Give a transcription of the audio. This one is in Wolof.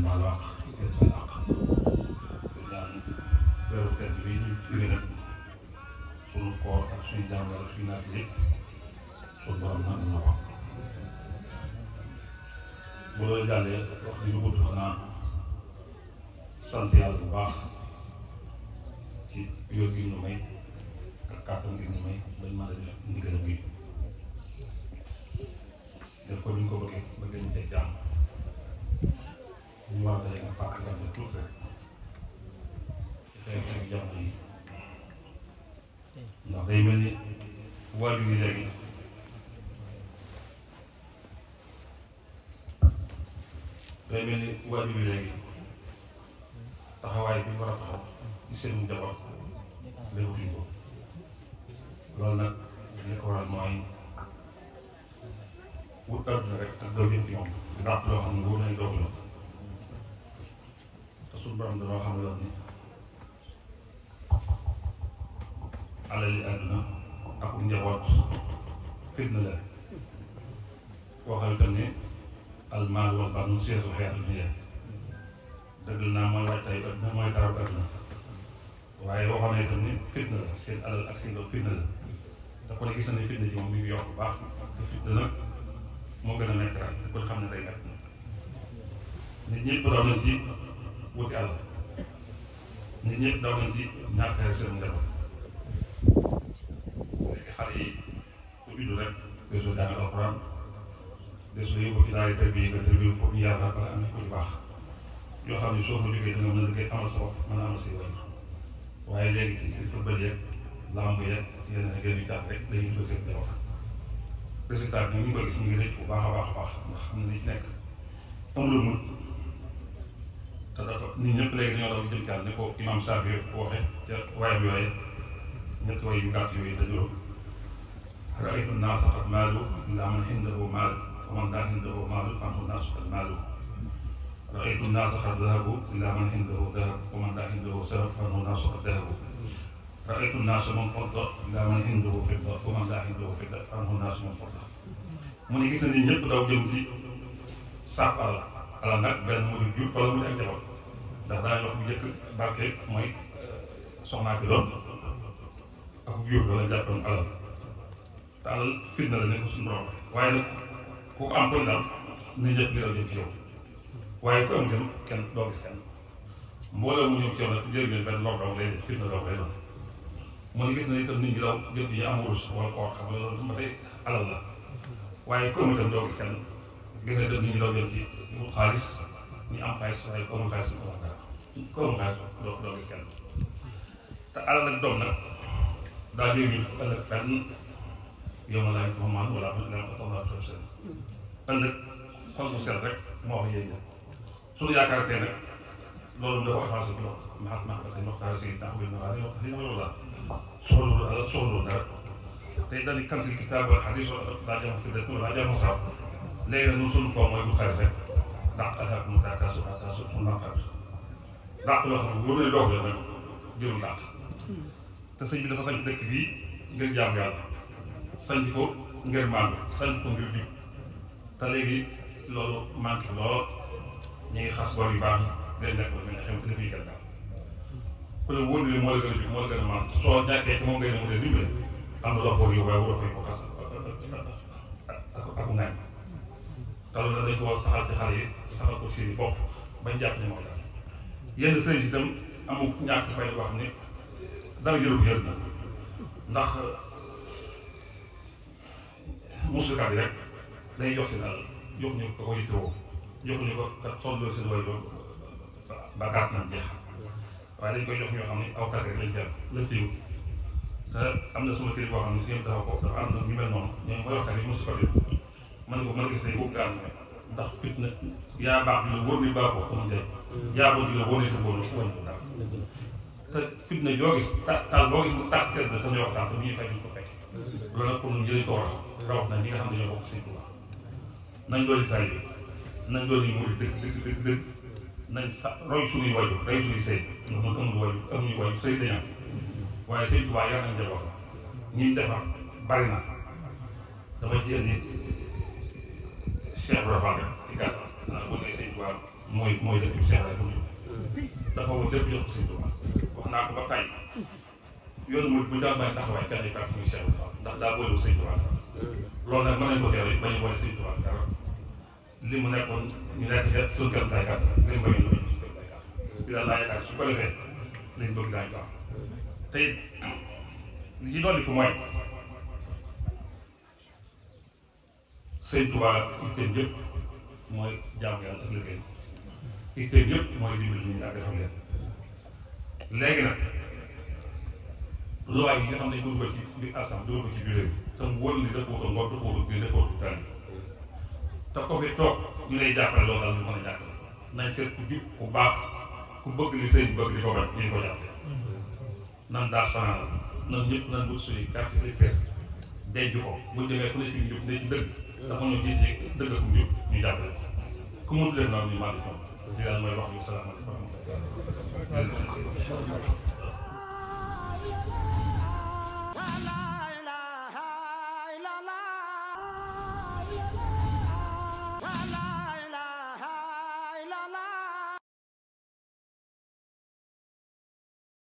leen baal wax di leen baal wax di ñaan koor ak suñu jàngal suñu naat lépp suñu borom naan na wax bu loolu jàllee wax di lu gudd xanaa sant yàlla bu baax ci wér gi ñu may ak kàttan gi ñu may bañ mën a def ndigal bi def ko ñu ko bëggee bëggee ñu cee jàmm bu màgg rek nga fàttali ko tuuti rek ci xew-xew jamono yi ndax day mel ni wàllu bi léegi day mel ni wàllu bi léegi taxawaay bi mu war a taxaw ci seen njaboot léegi ko loolu nag li ko waral mooy wut àdduna rek ak doog yëpp yomb ndax loo xam ne wóor nañ doog la borom dafa xamaloon ni alali àdduna ak njaboot fitna la waxal tam ne almaal wal banuun ziinatul hayaati dunya dëgg naa mooy waajtaayu àdduna mooy taaru àdduna waaye waxoon nañu tam ne fitna la seen alal ak seen doom fitna la te ku ne gis nañu fitna ji moom mi ngi yokk bu fitna nag moo gën a nekk daal te ku ne xam ne day wuti àll nit ñëpp daw nañ ci ñàkk rek seen njaboot léegi xale yi ku juddu rek des na jàngal alxuraan des na yóbbu ci daal di tërbi nga tërbi ko ñu yàlla bala am ko ci baax yoo xam ne soo ko mën a liggéey amal sa bopp mën a amal say wàll waaye léegi ci football yeeg lamb yeeg yeneen ak yeneen jàpp rek dañuy jël seen njaboot résultat bi ñu ngi ko gis mu ngi rëcc bu baax a baax baax ndax xam ne nekk amuloo mën ñun ñëpp léegi dañoo daw jël gaal ne ko imaam Saafi waxe ca waayam yooye ñett way yu gàtt yooyu dañu rëbb raaytu naasa qad maalu ilaa man indahu maal fa man laa indahu maalu fa anhu naasu qad maalu raaytu naasa qad dahabu ilaa man indahu dahab fa man laa indahu sahab fa anhu naasu qad dahabu raaytu naasa man fadda ilaa man indahu fidda fa man laa indahu fidda fa anhu naasu man fadda mu ne gis na ni ñëpp daw jëm ci sàpp alal alal nag benn mu jur wala mu ak jabar ndax daa wax bu njëkk mooy euh, soxnaa ko doon ak yuur wala jàppoon alal te alal firnde la nekk suñu borom waaye nag ku ko am toon daal na njëkk ngi jëm ci yow waaye ku am dem kenn doo gis kenn mbooloo mu ñëw ci yow nag njëriñ benn lor dong lay firnde dong lay doon mu ne gis na itam nit ñi daw jëf yi am wurus wala koor xam nga loolu ba tey alal la waaye ku am itam doo gis gis na itam nit ñi daw jëf xaalis ñu am xaalis waaye ko mu xaalis doo am dara ko mu xaalis doo doo gis kenn te alal ak doom nag daa jóge ëllëg fenn yow ma laaj sama maam wala ma ko tolloo ak seen ëllëg xol bu sel rek moo wax yéen ñëpp suñu yaakaar tee nag loolu dafa avancé bi wax ma ma xam ne waxtaan si tax bi na waaye wax yow loolu la soxlu alal soxlu dara tey dañu kan si kitaab wala xadis wala daa jëm fi dëkk wala daa jëm saab léegi nag ñun suñu kaw mooy bu xaalis rek dàq ak mu taa taa su taa taa su mu dàqal dàq loo xam ne bu wëree doog la nag juróom te sëñ bi dafa sanc dëkk bii ngir jaam yàlla sanc ko ngir màgg sanc ko ngir dig te léegi loolu manqué lool ñu ngi xas nekk lu gën daal ku la wóor ne moo gën a jub moo la gën a màgg ne mu foog yow waaye wuroo fay ko xas ak ak ak naaj te loolu dañ ko war a saxal ci xale yi saxal ko suñu bopp bañ jàpp ne mooy daal yenn sëriñ itam amul ñàkk fay boo xam ne dara jëloon na ndax musukat yi rek dañuy jox seen alal ko ko yittewoo jox ñu ko kat soldoo seen way doon ba gàtt nañ jeex waaye dañ koy jox ñoo xam ne aw target lañ jël la ci te am na sama kër boo xam ne si o dafa ko dafa am na ñu mel noonu ñoom mooy waxtaan yi musukat yi man ko man gis nañ ko am ndax fitna yaa baax di la wóor ni baaxoo ko amul njëriñ yaa bon di la wóor ni ko wóor ko dara te fitna yoo gis ta taal boo gis mu tàkk teel na te ñoo taal te bu ñuy fay duñ ko fekk loolu nag pour ñun jëriñ ko war a rawat na ñi nga xam ne ñoo bokk seen tubaab nañ doon taay bi nañ doon ñu mën dëgg dëgg dëgg dëgg nañ sa roy suñuy waju roy suñuy sëy ndax man amul waju amuñu waju sëy dañ am waaye seen tubaab yar nañ njaboot ñi defar bari na dama ci indi Cheikh Ibra Fall ci gàttal bu ne sëñ Tuubaa mooy mooy dëkk bi Cheikh Ibra Fall dafa wut lépp jox ko sëñ Tuubaa wax naa ko ba tey yoonu mooy bu daa bàyyi taxawaay kenn di kàpp muy Cheikh Ibra Fall ndax daa boole sëñ Tuubaa loolu nag mën nañ ko teewee bañ a boole sëñ Tuubaa dara li mu nekkoon ñu nekk ca suñu kër say kàtt li mu bañoon bañ suñu kër say kàtt bi daal laa yaakaar su ko defee lañ bëgg daañu ko am te it li ci dolli ko mooy sëñ Tuubaa itteem yëpp mooy jaamu yàlla ak liggéey itteem yëpp mooy dimbali nit ñi ak defal leen léegi nag loi yi nga xam ne dugal ko ci biir asam dugal ci biir réew te mu ni dëppoo ko ngor dëppoo ko biir dëppoo ko tànn te ko fi a jàppale nañ seet ku jub ku baax ku bëgg li sëñ bëgg di ko bañ ñu ko jàppale nan daas fanaan nan ñëpp nan wut suñu ko bu ñu ku ne ci njub ne ci dëgg ndax moo ñu jiitee dëgg ak njub ñu jàppale ku mënut leen naan ñu maa ngi toog di daal mooy wax bi salaamaaleykum wa rahmatulah